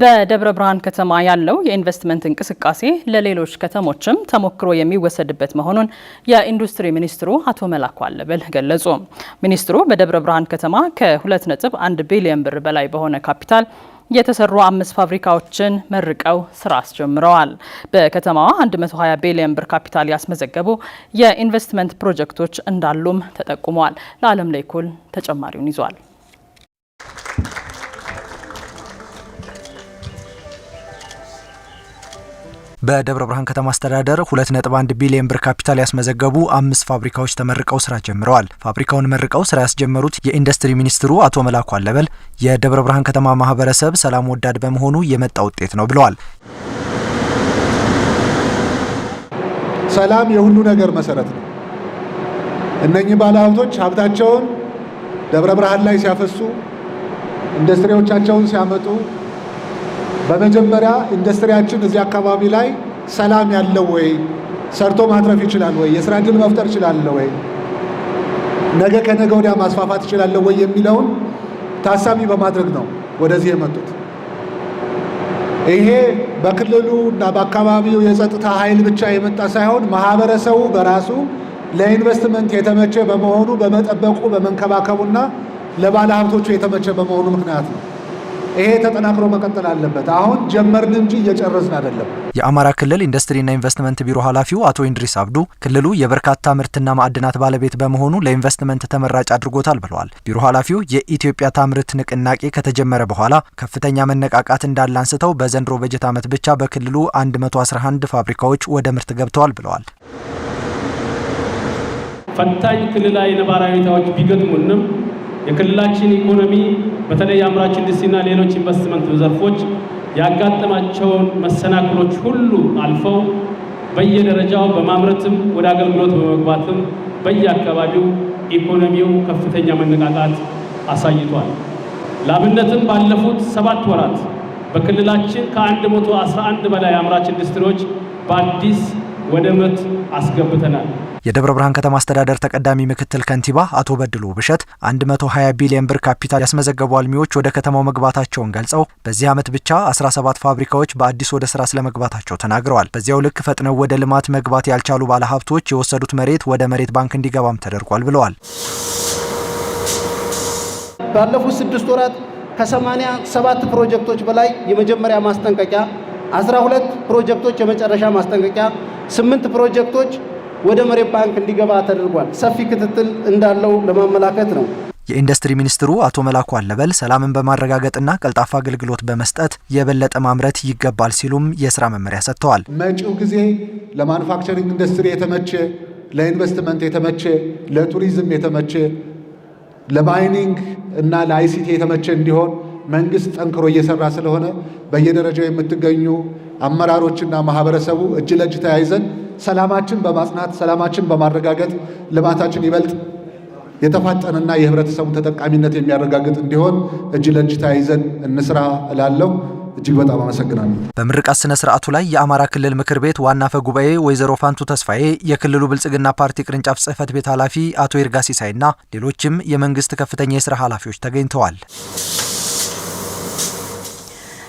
በደብረ ብርሃን ከተማ ያለው የኢንቨስትመንት እንቅስቃሴ ለሌሎች ከተሞችም ተሞክሮ የሚወሰድበት መሆኑን የኢንዱስትሪ ሚኒስትሩ አቶ መላኩ አለበል ገለጹ። ሚኒስትሩ በደብረ ብርሃን ከተማ ከ2.1 ቢሊዮን ብር በላይ በሆነ ካፒታል የተሰሩ አምስት ፋብሪካዎችን መርቀው ስራ አስጀምረዋል። በከተማዋ 120 ቢሊዮን ብር ካፒታል ያስመዘገቡ የኢንቨስትመንት ፕሮጀክቶች እንዳሉም ተጠቁመዋል። ለዓለም ላይ ኩል ተጨማሪውን ይዟል። በደብረ ብርሃን ከተማ አስተዳደር 2.1 ቢሊዮን ብር ካፒታል ያስመዘገቡ አምስት ፋብሪካዎች ተመርቀው ስራ ጀምረዋል። ፋብሪካውን መርቀው ስራ ያስጀመሩት የኢንዱስትሪ ሚኒስትሩ አቶ መላኩ አለበል የደብረ ብርሃን ከተማ ማህበረሰብ ሰላም ወዳድ በመሆኑ የመጣ ውጤት ነው ብለዋል። ሰላም የሁሉ ነገር መሰረት ነው። እነኚህ ባለሀብቶች ሀብታቸውን ደብረ ብርሃን ላይ ሲያፈሱ ኢንዱስትሪዎቻቸውን ሲያመጡ በመጀመሪያ ኢንዱስትሪያችን እዚህ አካባቢ ላይ ሰላም ያለው ወይ፣ ሰርቶ ማትረፍ ይችላል ወይ፣ የስራ እድል መፍጠር ይችላል ወይ፣ ነገ ከነገ ወዲያ ማስፋፋት ይችላል ወይ የሚለውን ታሳቢ በማድረግ ነው ወደዚህ የመጡት። ይሄ በክልሉ እና በአካባቢው የጸጥታ ኃይል ብቻ የመጣ ሳይሆን ማህበረሰቡ በራሱ ለኢንቨስትመንት የተመቸ በመሆኑ በመጠበቁ በመንከባከቡና ለባለሀብቶቹ የተመቸ በመሆኑ ምክንያት ነው። ይሄ ተጠናክሮ መቀጠል አለበት። አሁን ጀመርን እንጂ እየጨረስን አይደለም። የአማራ ክልል ኢንዱስትሪና ኢንቨስትመንት ቢሮ ኃላፊው አቶ ኢንድሪስ አብዱ ክልሉ የበርካታ ምርትና ማዕድናት ባለቤት በመሆኑ ለኢንቨስትመንት ተመራጭ አድርጎታል ብለዋል። ቢሮ ኃላፊው የኢትዮጵያ ታምርት ንቅናቄ ከተጀመረ በኋላ ከፍተኛ መነቃቃት እንዳለ አንስተው በዘንድሮ በጀት ዓመት ብቻ በክልሉ 111 ፋብሪካዎች ወደ ምርት ገብተዋል ብለዋል። ፈታኝ ክልላዊ ነባራዊ ሁኔታዎች ቢገጥሙንም የክልላችን ኢኮኖሚ በተለይ የአምራች ኢንዱስትሪና ሌሎች ኢንቨስትመንት ዘርፎች ያጋጠማቸውን መሰናክሎች ሁሉ አልፈው በየደረጃው በማምረትም ወደ አገልግሎት በመግባትም በየአካባቢው ኢኮኖሚው ከፍተኛ መነቃቃት አሳይቷል። ለአብነትም ባለፉት ሰባት ወራት በክልላችን ከ111 በላይ አምራች ኢንዱስትሪዎች በአዲስ ወደ ምርት አስገብተናል። የደብረ ብርሃን ከተማ አስተዳደር ተቀዳሚ ምክትል ከንቲባ አቶ በድሉ ብሸት 120 ቢሊዮን ብር ካፒታል ያስመዘገቡ አልሚዎች ወደ ከተማው መግባታቸውን ገልጸው በዚህ ዓመት ብቻ 17 ፋብሪካዎች በአዲስ ወደ ስራ ስለመግባታቸው ተናግረዋል። በዚያው ልክ ፈጥነው ወደ ልማት መግባት ያልቻሉ ባለሀብቶች የወሰዱት መሬት ወደ መሬት ባንክ እንዲገባም ተደርጓል ብለዋል። ባለፉት ስድስት ወራት ከ ሰባት ፕሮጀክቶች በላይ የመጀመሪያ ማስጠንቀቂያ፣ 12 ፕሮጀክቶች የመጨረሻ ማስጠንቀቂያ ስምንት ፕሮጀክቶች ወደ መሬት ባንክ እንዲገባ ተደርጓል። ሰፊ ክትትል እንዳለው ለማመላከት ነው። የኢንዱስትሪ ሚኒስትሩ አቶ መላኩ አለበል ሰላምን በማረጋገጥና ቀልጣፋ አገልግሎት በመስጠት የበለጠ ማምረት ይገባል ሲሉም የስራ መመሪያ ሰጥተዋል። መጪው ጊዜ ለማኑፋክቸሪንግ ኢንዱስትሪ የተመቸ፣ ለኢንቨስትመንት የተመቸ፣ ለቱሪዝም የተመቸ፣ ለማይኒንግ እና ለአይሲቲ የተመቸ እንዲሆን መንግስት ጠንክሮ እየሰራ ስለሆነ በየደረጃው የምትገኙ አመራሮችና ማህበረሰቡ እጅ ለእጅ ተያይዘን ሰላማችን በማጽናት ሰላማችን በማረጋገጥ ልማታችን ይበልጥ የተፋጠነና የህብረተሰቡን ተጠቃሚነት የሚያረጋግጥ እንዲሆን እጅ ለእጅ ተያይዘን እንስራ እላለሁ። እጅግ በጣም አመሰግናለሁ። በምርቃት ስነ ስርዓቱ ላይ የአማራ ክልል ምክር ቤት ዋና አፈ ጉባኤ ወይዘሮ ፋንቱ ተስፋዬ፣ የክልሉ ብልጽግና ፓርቲ ቅርንጫፍ ጽህፈት ቤት ኃላፊ አቶ ይርጋ ሲሳይና ሌሎችም የመንግስት ከፍተኛ የስራ ኃላፊዎች ተገኝተዋል።